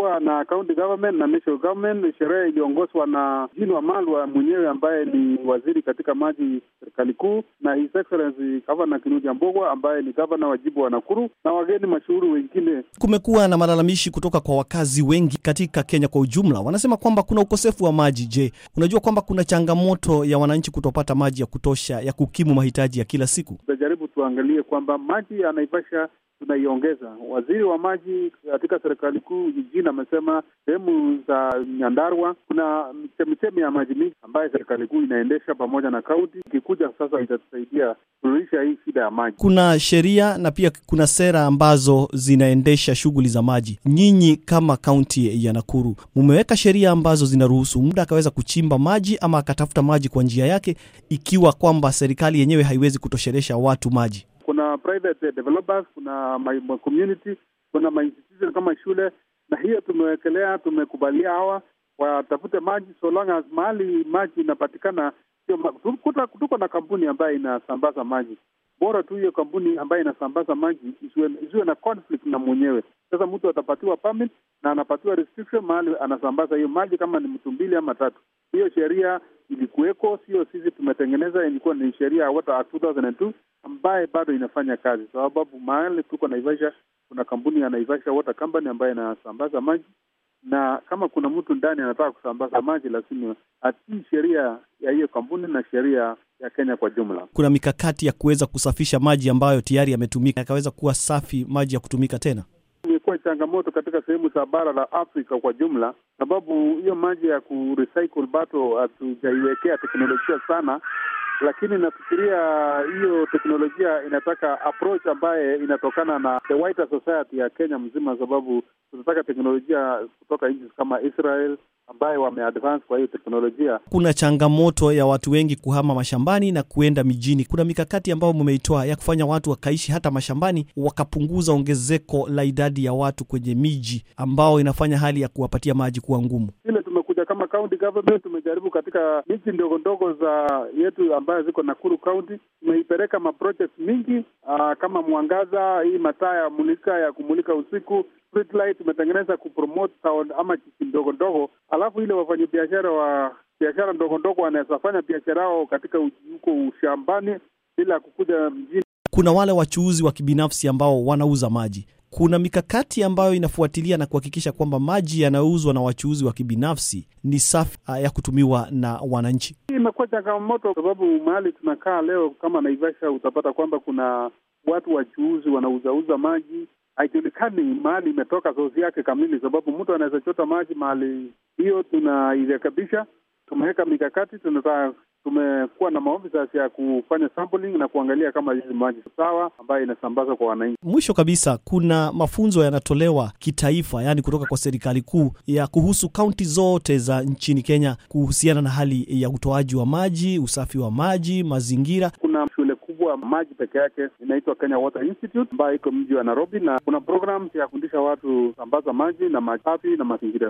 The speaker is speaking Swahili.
kulikuwa na county government na national government. Sherehe iliongozwa na Jinwa Malwa mwenyewe ambaye ni waziri katika maji serikali kuu, na His Excellency Governor Kinuja Mbogwa ambaye ni gavana wa jimbo wa Nakuru na wageni mashuhuri wengine. Kumekuwa na malalamishi kutoka kwa wakazi wengi katika Kenya kwa ujumla, wanasema kwamba kuna ukosefu wa maji. Je, unajua kwamba kuna changamoto ya wananchi kutopata maji ya kutosha ya kukimu mahitaji ya kila siku? Tutajaribu tuangalie kwamba maji ya Naivasha tunaiongeza. Waziri wa maji katika serikali kuu jijini amesema sehemu za nyandarwa kuna chemichemi ya maji mingi ambayo serikali kuu inaendesha pamoja na kaunti, ikikuja sasa itatusaidia kuruhisha hii shida ya maji. Kuna sheria na pia kuna sera ambazo zinaendesha shughuli za maji. Nyinyi kama kaunti ya Nakuru mumeweka sheria ambazo zinaruhusu muda akaweza kuchimba maji ama akatafuta maji kwa njia yake, ikiwa kwamba serikali yenyewe haiwezi kutosheresha watu maji kuna private developers, kuna my community, kuna ma institution kama shule, na hiyo tumewekelea, tumekubalia hawa watafute maji so long as mahali maji inapatikana. Tuko na kampuni ambayo inasambaza maji, bora tu hiyo kampuni ambayo inasambaza maji isiwe na conflict na mwenyewe. Sasa mtu atapatiwa permit na anapatiwa restriction mahali anasambaza hiyo maji, kama ni mtu mbili ama tatu. Hiyo sheria ilikuweko, sio sisi tumetengeneza, ilikuwa ni sheria ya water 2002 ambaye bado inafanya kazi, sababu mahali tuko Naivasha kuna kampuni ya Naivasha Water Company ambayo inasambaza maji, na kama kuna mtu ndani anataka kusambaza maji, lakini atii sheria ya hiyo kampuni na sheria ya Kenya kwa jumla. Kuna mikakati ya kuweza kusafisha maji ambayo tayari yametumika yakaweza kuwa safi, maji ya kutumika tena imekuwa changamoto katika sehemu za bara la Afrika kwa jumla, sababu hiyo maji ya recycle bado hatujaiwekea teknolojia sana, lakini nafikiria hiyo teknolojia inataka approach ambaye inatokana na the wider society ya Kenya mzima, sababu tunataka teknolojia kutoka nchi kama Israel ambayo wameadvance kwa hiyo teknolojia. Kuna changamoto ya watu wengi kuhama mashambani na kuenda mijini. Kuna mikakati ambayo mumeitoa ya kufanya watu wakaishi hata mashambani, wakapunguza ongezeko la idadi ya watu kwenye miji, ambao inafanya hali ya kuwapatia maji kuwa ngumu. Ile kama county government tumejaribu katika miji ndogo ndogo za yetu ambayo ziko Nakuru County, tumeipeleka maproject mingi uh, kama mwangaza, hii mataa ya mulika ya kumulika usiku street light, tumetengeneza kupromote town ama jiji ndogo ndogo, alafu ile wafanyabiashara wa biashara ndogo ndogo wanaweza fanya biashara yao katika huko ushambani bila kukuja mjini. Kuna wale wachuuzi wa kibinafsi ambao wanauza maji kuna mikakati ambayo inafuatilia na kuhakikisha kwamba maji yanayouzwa na wachuuzi wa kibinafsi ni safi ah, ya kutumiwa na wananchi. Hii imekuwa changamoto kwa sababu mahali tunakaa leo kama Naivasha, utapata kwamba kuna watu wachuuzi wanauzauza maji, haijulikani mahali imetoka sosi yake kamili, sababu mtu anaweza chota maji mahali. Hiyo tunairekebisha, tumeweka mikakati, tunataka tumekuwa na maombi sasa ya kufanya sampling na kuangalia kama hizi maji sawa ambayo inasambazwa kwa wananchi. Mwisho kabisa, kuna mafunzo yanatolewa kitaifa, yaani kutoka kwa serikali kuu ya kuhusu kaunti zote za nchini Kenya kuhusiana na hali ya utoaji wa maji, usafi wa maji, mazingira. Kuna shule kubwa maji peke yake inaitwa Kenya Water Institute ambayo iko mji wa Nairobi, na kuna programs ya kufundisha watu sambaza maji na maji safi na mazingira.